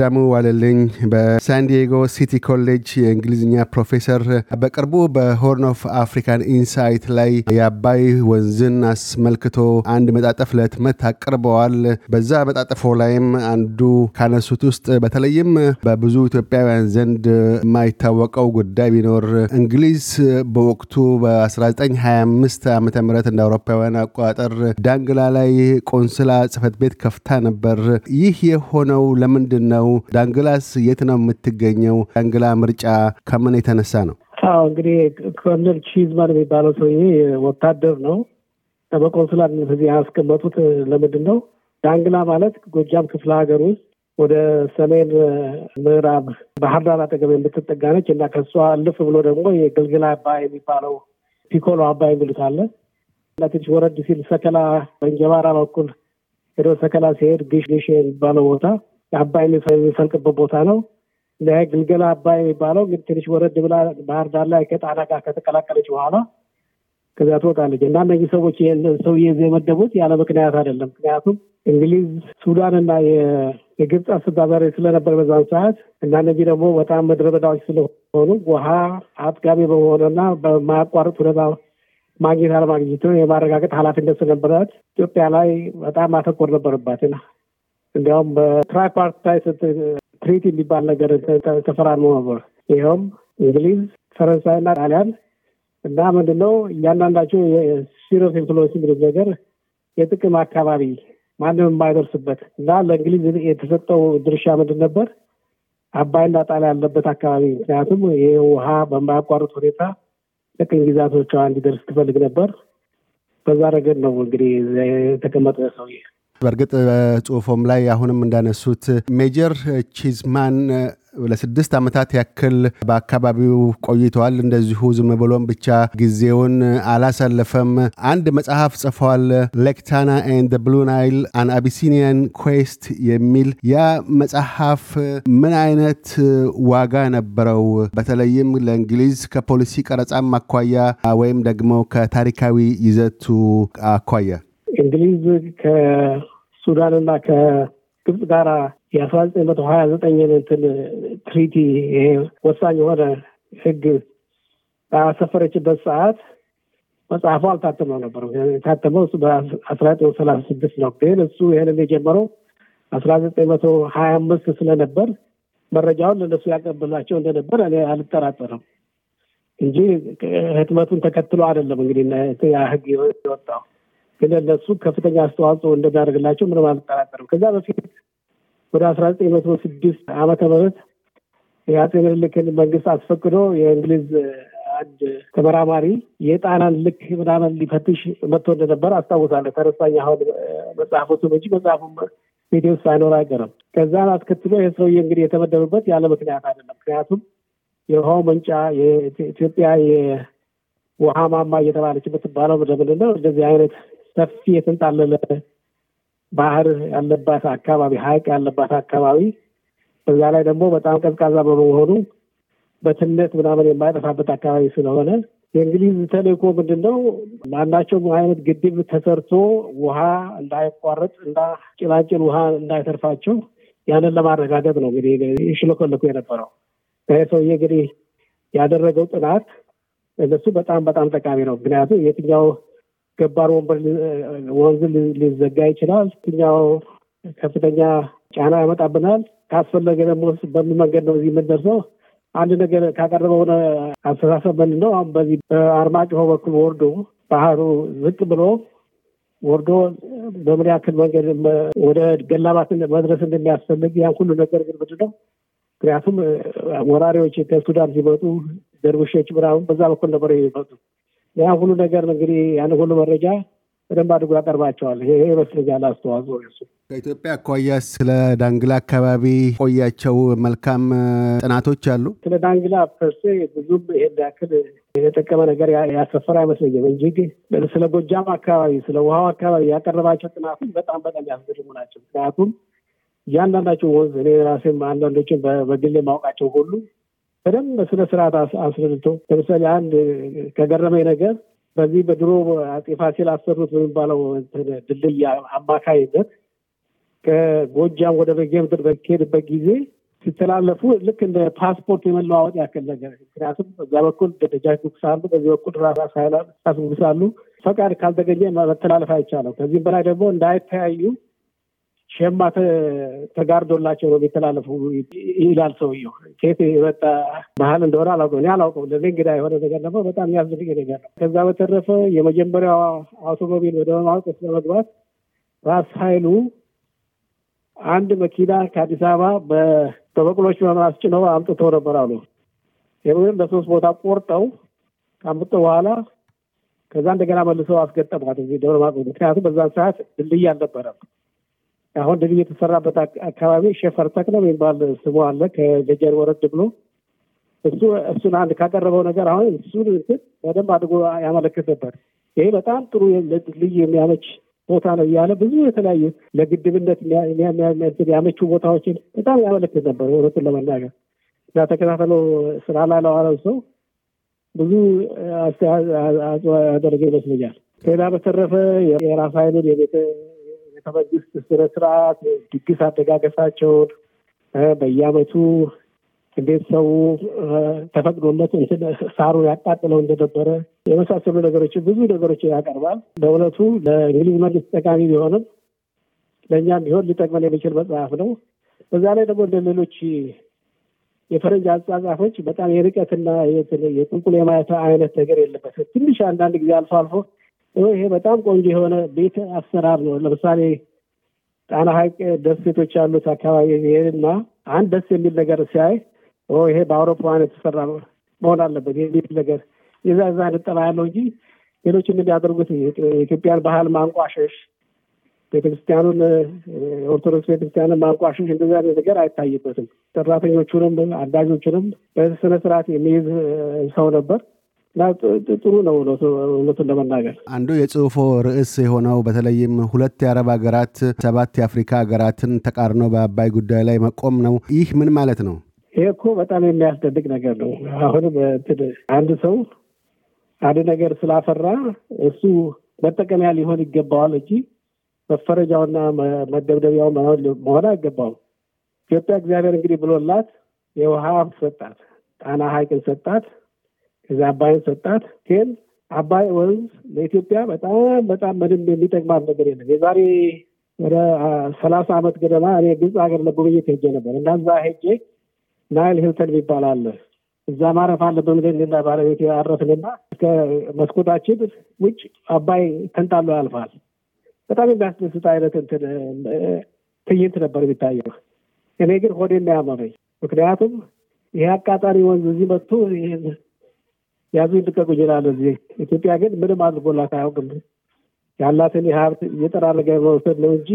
ዳሙ ዋለልኝ በሳንዲጎ ሲቲ ኮሌጅ የእንግሊዝኛ ፕሮፌሰር፣ በቅርቡ በሆርን ኦፍ አፍሪካን ኢንሳይት ላይ የአባይ ወንዝን አስመልክቶ አንድ መጣጠፍ ለህትመት አቅርበዋል። በዛ መጣጠፎ ላይም አንዱ ካነሱት ውስጥ በተለይም በብዙ ኢትዮጵያውያን ዘንድ የማይታወቀው ጉዳይ ቢኖር እንግሊዝ በወቅቱ በ1925 ዓ ም እንደ አውሮፓውያን አቆጣጠር ዳንግላ ላይ ቆንስላ ጽህፈት ቤት ከፍታ ነበር። ይህ የሆነው ለምንድን ነው? ነው? ዳንግላስ የት ነው የምትገኘው? ዳንግላ ምርጫ ከምን የተነሳ ነው? አዎ እንግዲህ ኮሎኔል ቺዝማን የሚባለው ሰውዬ ወታደር ነው። በቆንስላነት እዚህ ያስቀመጡት ለምንድን ነው? ዳንግላ ማለት ጎጃም ክፍለ ሀገር ውስጥ ወደ ሰሜን ምዕራብ ባህር ዳር አጠገብ የምትጠጋ ነች እና ከሷ አልፍ ብሎ ደግሞ የግልግላ አባይ የሚባለው ፒኮሎ አባይ የሚሉት አለ እና ትንሽ ወረድ ሲል ሰከላ በእንጀባራ በኩል ሄዶ ሰከላ ሲሄድ ግሽ ግሽ የሚባለው ቦታ የአባይ የሚፈልቅበት ቦታ ነው። ለግልገላ አባይ የሚባለው ግን ትንሽ ወረድ ብላ ባህር ዳር ላይ ከጣና ጋር ከተቀላቀለች በኋላ ከዚያ ትወጣለች እና እነዚህ ሰዎች ሰውዬ የመደቡት ያለ ምክንያት አይደለም። ምክንያቱም እንግሊዝ ሱዳን እና የግብፅ አስተዳዳሪ ስለነበር በዛን ሰዓት እና እነዚህ ደግሞ በጣም ምድረ በዳዎች ስለሆኑ ውሃ አጥጋቢ በመሆኑና በማያቋርጥ ሁኔታ ማግኘት አለማግኘት የማረጋገጥ ኃላፊነት ስለነበራት ኢትዮጵያ ላይ በጣም አተኮር ነበረባትና እንዲያውም በትራይፓርታይት ትሪት የሚባል ነገር ተፈራርሞ ነበር። ይኸውም እንግሊዝ፣ ፈረንሳይና ጣሊያን እና ነው እያንዳንዳቸው ኢንፍሉዌንስ ኢንፍሉዌንሲንግ ነገር የጥቅም አካባቢ ማንም የማይደርስበት እና ለእንግሊዝ የተሰጠው ድርሻ ምንድን ነበር? አባይና ጣሊያን ያለበት አካባቢ ምክንያቱም ይህ ውሃ በማያቋርጥ ሁኔታ ጥቅም ግዛቶቿ እንዲደርስ ትፈልግ ነበር። በዛ ረገድ ነው እንግዲህ የተቀመጠ ሰውዬ በእርግጥ በጽሁፎም ላይ አሁንም እንዳነሱት ሜጀር ቺዝማን ለስድስት ዓመታት ያክል በአካባቢው ቆይተዋል። እንደዚሁ ዝም ብሎም ብቻ ጊዜውን አላሳለፈም። አንድ መጽሐፍ ጽፈዋል፣ ሌክታና ኤንድ ብሉ ናይል አን አቢሲኒያን ኩዌስት የሚል ያ መጽሐፍ ምን አይነት ዋጋ ነበረው? በተለይም ለእንግሊዝ ከፖሊሲ ቀረጻም አኳያ ወይም ደግሞ ከታሪካዊ ይዘቱ አኳያ እንግሊዝ ሱዳንና ከግብፅ ጋራ የአስራ ዘጠኝ መቶ ሀያ ዘጠኝ እንትን ትሪቲ ይሄ ወሳኝ የሆነ ህግ ባሰፈረችበት ሰዓት መጽሐፉ አልታተመው ነበር። የታተመው እሱ በአስራ ዘጠኝ ሰላሳ ስድስት ነው። ግን እሱ ይህንን የጀመረው አስራ ዘጠኝ መቶ ሀያ አምስት ስለነበር መረጃውን ለነሱ ያቀብላቸው እንደነበር እኔ አልጠራጠርም እንጂ ህትመቱን ተከትሎ አይደለም እንግዲህ ህግ የወጣው ግን ለሱ ከፍተኛ አስተዋጽኦ እንደሚያደርግላቸው ምንም አልጠራጠርም። ከዛ በፊት ወደ አስራ ዘጠኝ መቶ ስድስት ዓመተ ምህረት የአጼ ምኒልክን መንግስት አስፈቅዶ የእንግሊዝ አንድ ተመራማሪ የጣናን ልክ ምናምን ሊፈትሽ መጥቶ እንደነበር አስታውሳለሁ። ተረሳኝ አሁን መጽሐፎቱም እንጂ መጽሐፉ ሜዲ ውስጥ አይኖር አይገርም። ከዛን አስከትሎ ይህ ሰውዬ እንግዲህ የተመደበበት ያለ ምክንያት አይደለም። ምክንያቱም የውሃው መንጫ የኢትዮጵያ የውሃ ማማ እየተባለች የምትባለው ምንድን ነው እንደዚህ አይነት ሰፊ የተንጣለለ ባህር ያለባት አካባቢ ሀይቅ ያለባት አካባቢ በዛ ላይ ደግሞ በጣም ቀዝቃዛ በመሆኑ በትነት ምናምን የማይጠፋበት አካባቢ ስለሆነ የእንግሊዝ ተልእኮ ምንድን ነው? ማናቸውም አይነት ግድብ ተሰርቶ ውሃ እንዳይቋረጥ እና ጭላጭል ውሃ እንዳይተርፋቸው ያንን ለማረጋገጥ ነው እንግዲህ ይሽለኮለኩ የነበረው። ይህ ሰውዬ እንግዲህ ያደረገው ጥናት እነሱ በጣም በጣም ጠቃሚ ነው። ምክንያቱም የትኛው ገባር ወንበር ወንዝ ሊዘጋ ይችላል። ትኛው ከፍተኛ ጫና ያመጣብናል። ካስፈለገ ደግሞ በምን መንገድ ነው እዚህ የምንደርሰው? አንድ ነገር ካቀረበውን አስተሳሰብ ምንድን ነው አሁን በዚህ በአርማጭሆ በኩል ወርዶ ባህሩ ዝቅ ብሎ ወርዶ በምን ያክል መንገድ ወደ ገላባት መድረስ እንደሚያስፈልግ ያን ሁሉ ነገር ግን ምንድን ነው ምክንያቱም ወራሪዎች ከሱዳን ሲመጡ ደርቡሾች ምናምን በዛ በኩል ነበር የሚመጡ ያ ሁሉ ነገር እንግዲህ ያን ሁሉ መረጃ በደንብ አድርጎ ያቀርባቸዋል። ይሄ ይመስለኛል አስተዋጽኦ እሱ። ከኢትዮጵያ አኳያ ስለ ዳንግላ አካባቢ ቆያቸው መልካም ጥናቶች አሉ። ስለ ዳንግላ ፐርሴ ብዙም ይሄን ያክል የጠቀመ ነገር ያሰፈረ አይመስለኝም እንጂ ስለ ጎጃም አካባቢ ስለ ውሃው አካባቢ ያቀረባቸው ጥናቶች በጣም በጣም ያስገድሙ ናቸው። ምክንያቱም እያንዳንዳቸው ወንዝ እኔ ራሴም አንዳንዶችን በግሌ የማውቃቸው ሁሉ በደንብ ስነ ስርዓት አስረድቶ ለምሳሌ አንድ ከገረመኝ ነገር በዚህ በድሮ አጼ ፋሲል አሰሩት በሚባለው ድልድይ አማካይነት ከጎጃም ወደ በጌ ምድር በሄድበት ጊዜ ሲተላለፉ ልክ እንደ ፓስፖርት የመለዋወጥ ያክል ነገር ምክንያቱም በዛ በኩል ደጃች ንጉስ አሉ፣ በዚህ በኩል ራስ ኃይለ ንጉስ አሉ። ፈቃድ ካልተገኘ መተላለፍ አይቻለም። ከዚህም በላይ ደግሞ እንዳይተያዩ ሸማ ተጋርዶላቸው ነው የተላለፉ ይላል ሰውየው። ከየት የመጣ ባህል እንደሆነ አላውቅም፣ እኔ አላውቅም። ለእኔ እንግዳ የሆነ ነገር ደግሞ በጣም የሚያስፈልግ ነገር ነው። ከዛ በተረፈ የመጀመሪያዋ አውቶሞቢል ወደ ማውቀስ ለመግባት ራስ ኃይሉ አንድ መኪና ከአዲስ አበባ በበቅሎች መምራስ ጭነው አምጥተው ነበር አሉ። ይህም በሶስት ቦታ ቆርጠው ካምጡ በኋላ ከዛ እንደገና መልሰው አስገጠሟት እዚህ ደብረ ማርቆስ። ምክንያቱም በዛን ሰዓት ድልድይ አልነበረም። አሁን ድል የተሰራበት አካባቢ ሸፈር ተክለ የሚባል ስሙ አለ ከገጀር ወረድ ብሎ እሱ እሱን አንድ ካቀረበው ነገር አሁን እሱን በደንብ አድርጎ ያመለክትበት ይሄ በጣም ጥሩ ልዩ የሚያመች ቦታ ነው እያለ ብዙ የተለያዩ ለግድብነት ያመቹ ቦታዎችን በጣም ያመለክት ነበር። እውነቱን ለመናገር እና ተከታተሎ ስራ ላይ ለዋለው ሰው ብዙ አስተዋጽኦ ያደረገ ይመስለኛል። ሌላ በተረፈ የራስ ኃይሉን የቤተ ስነ ስነስርዓት ድግስ አደጋገሳቸውን በየአመቱ እንዴት ሰው ተፈቅዶለት እንትን ሳሩ ያቃጥለው እንደነበረ የመሳሰሉ ነገሮች ብዙ ነገሮች ያቀርባል። በእውነቱ ለእንግሊዝ መንግስት ጠቃሚ ቢሆንም ለእኛም ቢሆን ሊጠቅመን የሚችል መጽሐፍ ነው። በዛ ላይ ደግሞ እንደ ሌሎች የፈረንጅ አጻጻፎች በጣም የርቀትና የጥንቁል የማየት አይነት ነገር የለበትም። ትንሽ አንዳንድ ጊዜ አልፎ አልፎ ይሄ በጣም ቆንጆ የሆነ ቤት አሰራር ነው። ለምሳሌ ጣና ሐይቅ ደሴቶች ያሉት አካባቢ ይሄንና አንድ ደስ የሚል ነገር ሲያይ ይሄ በአውሮፓውያን የተሰራ መሆን አለበት የሚል ነገር የዛ ዛ ንጠላ ያለው እንጂ ሌሎች እንደሚያደርጉት የኢትዮጵያን ባህል ማንቋሸሽ፣ ቤተክርስቲያኑን ኦርቶዶክስ ቤተክርስቲያንን ማንቋሸሽ እንደዚ ነገር አይታይበትም። ሰራተኞቹንም አዳጆቹንም በስነ ስርዓት የሚይዝ ሰው ነበር። ጥሩ ነው እውነቱን ለመናገር አንዱ የጽሁፎ ርዕስ የሆነው በተለይም ሁለት የአረብ ሀገራት ሰባት የአፍሪካ ሀገራትን ተቃርኖ በአባይ ጉዳይ ላይ መቆም ነው። ይህ ምን ማለት ነው? ይሄ እኮ በጣም የሚያስደንቅ ነገር ነው። አሁንም አንድ ሰው አንድ ነገር ስላፈራ እሱ መጠቀሚያ ሊሆን ይገባዋል እንጂ መፈረጃውና መደብደቢያው መሆን አይገባውም። ኢትዮጵያ እግዚአብሔር እንግዲህ ብሎላት የውሃ ሀብት ሰጣት፣ ጣና ሀይቅን ሰጣት። ከዚ አባይን ሰጣት። ግን አባይ ወንዝ ለኢትዮጵያ በጣም በጣም ምንም የሚጠቅማት ነገር የለም። የዛሬ ወደ ሰላሳ ዓመት ገደማ እኔ ግብፅ ሀገር ለጉብኝት ሄጄ ነበር እና እዛ ሄጄ ናይል ሂልተን የሚባል አለ እዛ ማረፍ አለ በምልና ባለቤት ያረፍንና እስከ መስኮታችን ውጭ አባይ ተንጣሎ ያልፋል። በጣም የሚያስደስት አይነት እንትን ትዕይንት ነበር የሚታየው። እኔ ግን ሆዴ የሚያመመኝ ምክንያቱም ይሄ አቃጣሪ ወንዝ እዚህ መጥቶ ያዙ ይልቀቁ ይችላል። እዚህ ኢትዮጵያ ግን ምንም አድርጎላት አያውቅም። ያላትን የሀብት እየጠራረገ መውሰድ ነው እንጂ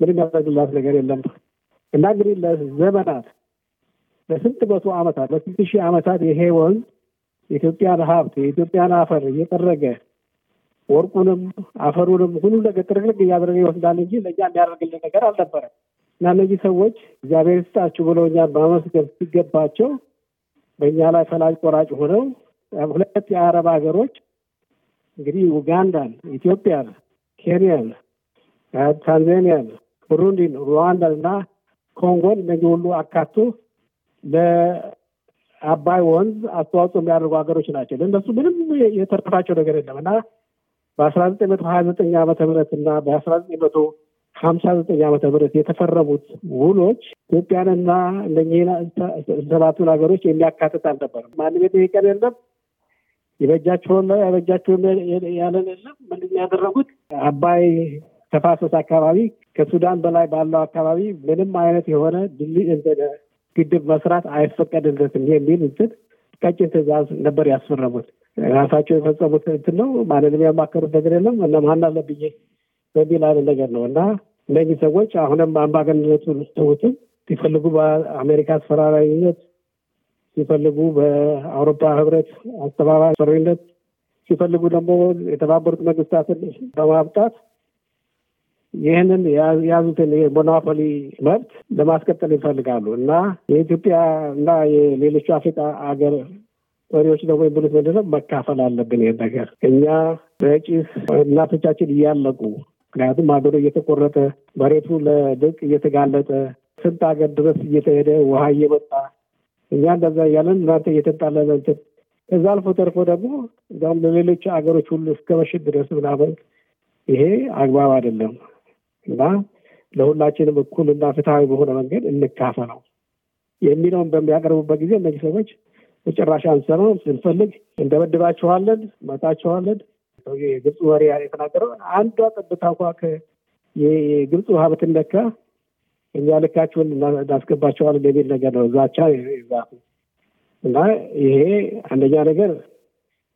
ምንም ያደረግላት ነገር የለም። እና እንግዲህ ለዘመናት ለስንት መቶ ዓመታት ለስንት ሺህ ዓመታት ይሄ ወንዝ የኢትዮጵያን ሀብት የኢትዮጵያን አፈር እየጠረገ ወርቁንም አፈሩንም ሁሉ ነገር ጥርቅርቅ እያደረገ ይወስዳል እንጂ ለእኛ የሚያደርግልን ነገር አልነበረም። እና እነዚህ ሰዎች እግዚአብሔር ይስጣችሁ ብለው እኛን ማመስገን ሲገባቸው በእኛ ላይ ፈላጭ ቆራጭ ሆነው ሁለት የአረብ ሀገሮች እንግዲህ ኡጋንዳን፣ ኢትዮጵያን፣ ኬንያን፣ ታንዛኒያን፣ ብሩንዲን፣ ሩዋንዳን እና ኮንጎን እነዚህ ሁሉ አካቶ ለአባይ ወንዝ አስተዋጽኦ የሚያደርጉ ሀገሮች ናቸው። ለእነሱ ምንም የተረፋቸው ነገር የለም እና በአስራ ዘጠኝ መቶ ሀያ ዘጠኝ ዓመተ ምህረት እና በአስራ ዘጠኝ መቶ ሀምሳ ዘጠኝ ዓመተ ምህረት የተፈረሙት ውሎች ኢትዮጵያንና እነ ሰባቱን ሀገሮች የሚያካትት አልነበረም። ማንም የጠየቀን የለም። የበጃችሁን ነው ያበጃችሁን ያለን የለም። ምንድን ያደረጉት አባይ ተፋሰስ አካባቢ ከሱዳን በላይ ባለው አካባቢ ምንም አይነት የሆነ ግድብ መስራት አይፈቀድለትም የሚል እንትን ቀጭን ትዕዛዝ ነበር ያስፈረሙት። ራሳቸው የፈጸሙት እንትን ነው። ማንንም ያማከሩት ነገር የለም። እና ማን አለብዬ በሚል አይነት ነገር ነው እና እነዚህ ሰዎች አሁንም አምባገነንነቱን ሰውትም ሲፈልጉ በአሜሪካ አስፈራራዊነት ሲፈልጉ በአውሮፓ ህብረት አስተባባሪነት ሲፈልጉ ደግሞ የተባበሩት መንግስታትን በማብጣት ይህንን የያዙትን የሞኖፖሊ መብት ለማስቀጠል ይፈልጋሉ እና የኢትዮጵያ እና የሌሎቹ አፍሪካ ሀገር መሪዎች ደግሞ የሚሉት ምንድን መካፈል አለብን ይህን ነገር እኛ በጭስ እናቶቻችን እያለቁ ምክንያቱም ሀገሩ እየተቆረጠ መሬቱ ለድርቅ እየተጋለጠ ስንት ሀገር ድረስ እየተሄደ ውሃ እየመጣ እኛ እንደዛ እያለን እናንተ እየተጣለ እንትን እዛ አልፎ ተርፎ ደግሞ እዛም ለሌሎች አገሮች ሁሉ እስከ መሽት ድረስ ምናምን ይሄ አግባብ አይደለም እና ለሁላችንም እኩል እና ፍትሐዊ በሆነ መንገድ እንካፈለው የሚለውን በሚያቀርቡበት ጊዜ እነዚህ ሰዎች በጭራሽ አንሰማም፣ ስንፈልግ እንደበድባችኋለን፣ መጣችኋለን። የግብፅ ወሬ የተናገረው አንዷ ጠብታ እንኳ የግብፅ ውሃ ብትነካ እኛ ልካችሁን እናስገባቸዋል የሚል ነገር ነው ዛቻ ይዛፉ እና ይሄ አንደኛ ነገር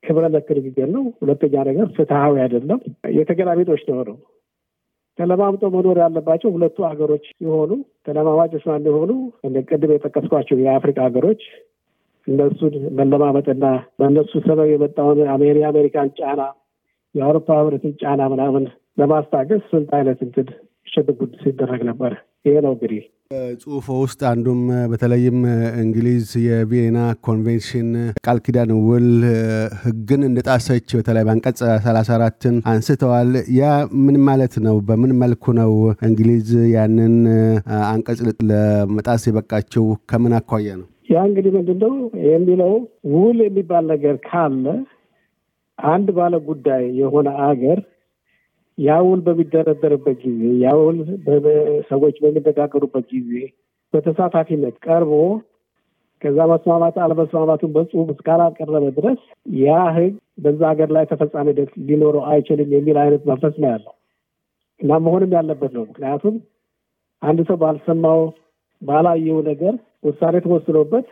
ክብረ ነክ ንግግር ነው። ሁለተኛ ነገር ፍትሐዊ አይደለም፣ የተገላቢጦች ነው ነው ተለማምጦ መኖር ያለባቸው ሁለቱ ሀገሮች የሆኑ ተለማማጭ ስ እንደሆኑ ቅድም የጠቀስኳቸው የአፍሪካ ሀገሮች እነሱን መለማመጥና በእነሱ ሰበብ የመጣውን የአሜሪካን ጫና የአውሮፓ ህብረትን ጫና ምናምን ለማስታገስ ስንት አይነት እንትን ሽብጉድ ሲደረግ ነበር። ይሄ ነው እንግዲህ ጽሁፎ ውስጥ አንዱም በተለይም እንግሊዝ የቪየና ኮንቬንሽን ቃል ኪዳን ውል ህግን እንደጣሰች በተለይ በአንቀጽ 34ን አንስተዋል። ያ ምን ማለት ነው? በምን መልኩ ነው እንግሊዝ ያንን አንቀጽ ለመጣስ የበቃችው? ከምን አኳያ ነው? ያ እንግዲህ ምንድነው የሚለው ውል የሚባል ነገር ካለ አንድ ባለ ጉዳይ የሆነ አገር ያ ውል በሚደረደርበት ጊዜ ያ ውል ሰዎች በሚነጋገሩበት ጊዜ በተሳታፊነት ቀርቦ ከዛ መስማማት አለመስማማቱን በጽሁፍ እስካላቀረበ ድረስ ያ ህግ በዛ ሀገር ላይ ተፈጻሚነት ሊኖረው አይችልም የሚል አይነት መንፈስ ነው ያለው እና መሆንም ያለበት ነው። ምክንያቱም አንድ ሰው ባልሰማው ባላየው ነገር ውሳኔ ተወስኖበት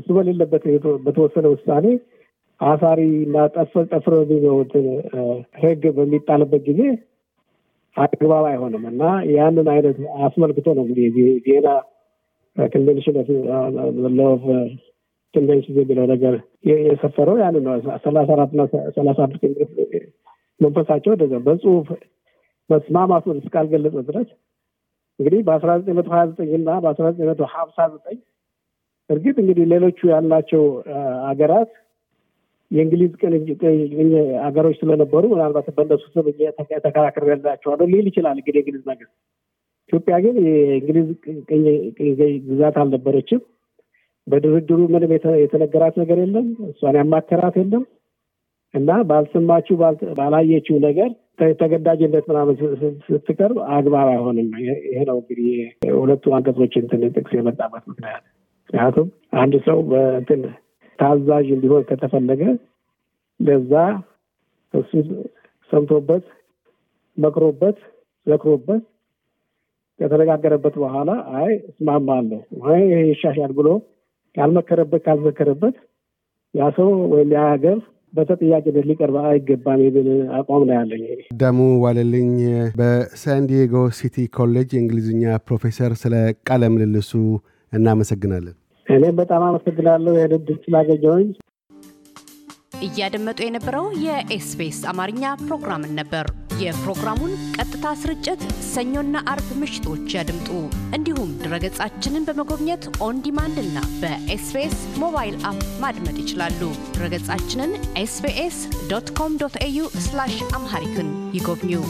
እሱ በሌለበት በተወሰነ ውሳኔ አሳሪ እና ጠፍር ጠፍር የሚገቡትን ህግ በሚጣልበት ጊዜ አግባብ አይሆንም እና ያንን አይነት አስመልክቶ ነው እንግዲህ ዜና ኮንቬንሽን ሎቭ ኮንቬንሽን የሚለው ነገር የሰፈረው ያንን ነው። ሰላሳ አራትና ሰላሳ አምስት መንፈሳቸው ደ በጽሁፍ መስማማቱን እስካልገለጸ ድረስ እንግዲህ በአስራ ዘጠኝ መቶ ሀያ ዘጠኝ እና በአስራ ዘጠኝ መቶ ሀምሳ ዘጠኝ እርግጥ እንግዲህ ሌሎቹ ያላቸው ሀገራት የእንግሊዝ ቅኝ ሀገሮች ስለነበሩ ምናልባት በእነሱ ስም ተከራክሬላቸዋለሁ ሊል ይችላል እንግዲህ የእንግሊዝ መንግስት። ኢትዮጵያ ግን የእንግሊዝ ቅኝ ግዛት አልነበረችም። በድርድሩ ምንም የተነገራት ነገር የለም፣ እሷን ያማከራት የለም እና ባልሰማችሁ ባላየችው ነገር ተገዳጅነት ምናምን ስትቀርብ አግባብ አይሆንም። ይሄ ነው እንግዲህ ሁለቱ አንቀጾችን እንትን ጥቅስ የመጣበት ምክንያት። ምክንያቱም አንድ ሰው በእንትን ታዛዥ እንዲሆን ከተፈለገ ለዛ እሱ ሰምቶበት መክሮበት ዘክሮበት ከተነጋገረበት በኋላ አይ እስማማለሁ ወይ ይሄ ይሻሻል ብሎ ያልመከረበት ካልዘከረበት ያ ሰው ወይም ያ ሀገር በተጠያቂነት ሊቀርብ አይገባም የሚል አቋም ነው ያለኝ። ደሙ ዋለልኝ በሳንዲየጎ ሲቲ ኮሌጅ የእንግሊዝኛ ፕሮፌሰር፣ ስለ ቃለ ምልልሱ እናመሰግናለን። እኔም በጣም አመሰግናለሁ ይህን እድል እያደመጡ የነበረው የኤስቢኤስ አማርኛ ፕሮግራምን ነበር። የፕሮግራሙን ቀጥታ ስርጭት ሰኞና አርብ ምሽቶች ያድምጡ። እንዲሁም ድረገጻችንን በመጎብኘት ኦን ዲማንድ እና በኤስቢኤስ ሞባይል አፕ ማድመጥ ይችላሉ። ድረገጻችንን ኤስቢኤስ ዶት ኮም ዶት ኤዩ አምሃሪክን ይጎብኙ።